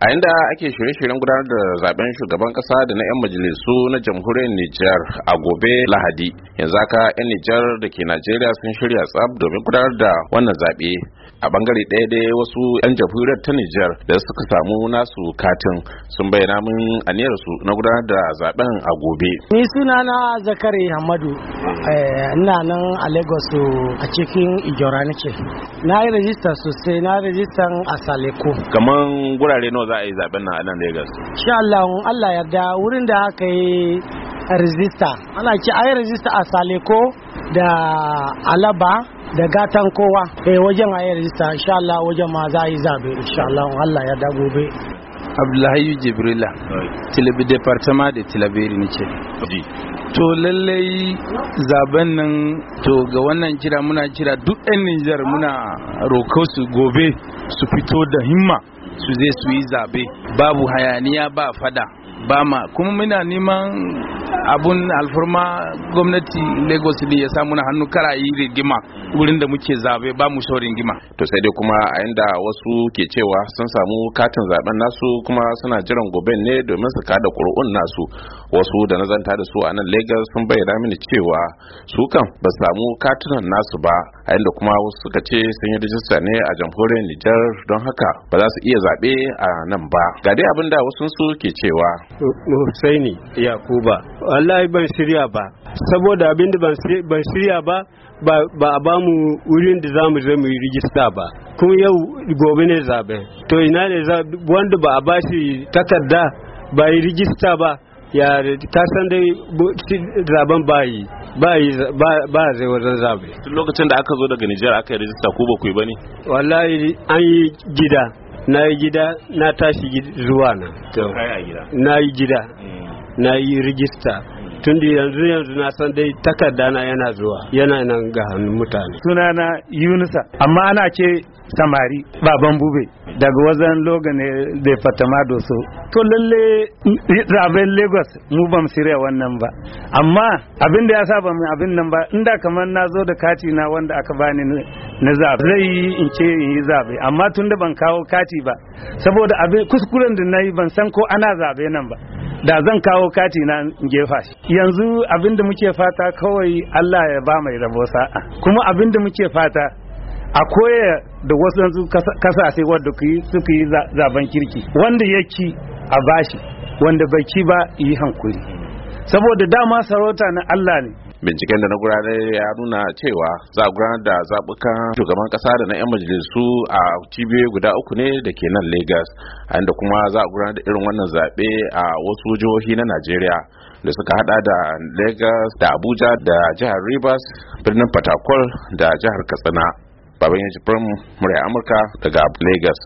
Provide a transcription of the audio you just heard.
a inda ake shirye-shiryen gudanar da zaben shugaban kasa da na 'yan majalisu na jamhuriyar Nijar a gobe Lahadi yanzu haka 'yan Nijar da ke Najeriya sun shirya tsab domin gudanar da wannan zaɓe a bangare ɗaya ɗaya wasu 'yan jamhuriyar ta Nijar da suka samu nasu katin sun bayyana mun aniyar su na gudanar da zaben a gobe. Ni sunana Zakari Hamadu eh, ina nan a Lagos a cikin Ijora nake. Na yi rajista sosai na rajistan a Saleko. Kaman gurare nawa za a yi zaben nan a nan Lagos? Insha Allah Allah yarda wurin da aka yi rajista ana ce a yi rajista a Saleko da Alaba da gatan kowa eh wajen a yi rajista insha Allah wajen ma za a yi zabe insha Allah Allah ya da gobe Abdullahi Jibrila Tilibi Departement da Tilabiri nake to lallai zaben nan to ga wannan jira muna jira duk 'yan Nijar muna roko su gobe su fito da himma su zai su yi zabe babu hayaniya ba fada ba ma kuma muna neman abun alfarma gwamnati lagos ne ya samu na hannu kara yi rigima wurin da muke zabe ba mu shaurin rigima to sai dai kuma a inda wasu ke cewa sun samu katin zaben nasu kuma suna jiran goben ne domin su kada ƙuri'un nasu wasu da nazanta da su a nan lagos sun bayyana mini cewa su kan ba samu katunan nasu ba a inda kuma wasu suka ce sun yi rijista ne a jamhuriyar nijar don haka ba za su iya zaɓe a nan ba ga dai abin da wasu su ke cewa Husaini Yakuba wallahi ban shirya ba saboda abin da ban shirya ba ba a bamu wurin da zamu je mu yi rijista ba Kun yau gobe ne zabe to ina ne wanda ba a bashi takarda ba yi rijista ba ya ta san dai zaben ba yi ba yi ba zai wajen zabe lokacin da aka zo daga Nijar aka yi rijista ko ba ku yi bane wallahi an yi gida na yi gida na tashi zuwa na na yi gida mm. na yi rigista mm. tun da yanzu yanzu na san dai takarda na yana zuwa yana nan ga hannun mutane Suna na yunusa amma ana ce samari baban bube daga wajen logan da fatama da su to lalle zaben lagos mu ba mu shirya wannan ba amma abin da ya sa ba abin nan ba inda kamar na zo da kati na wanda aka bani na zabe zai yi in ce in yi zabe amma tun da ban kawo kati ba saboda abin kuskuren da na yi ban san ko ana zabe nan ba da zan kawo kati na gefa shi yanzu abin da muke fata kawai Allah ya ba mai rabo sa'a kuma abin da muke fata a koya da wasu kasashe wadda suka yi zaben kirki wanda ya ci a bashi wanda bai ci ba yi hankuri saboda dama sarauta na Allah ne binciken da na gudanar ya nuna cewa za a gudanar da zaɓukan shugaban ƙasa da na 'yan majalisu a cibiyoyi guda uku ne da ke nan lagos inda kuma za a gudanar da irin wannan zaɓe a wasu jihohi na najeriya da suka hada da lagos da abuja da jihar rivers birnin Patakwal, da jihar katsina baban yanzu firin murya amurka daga lagos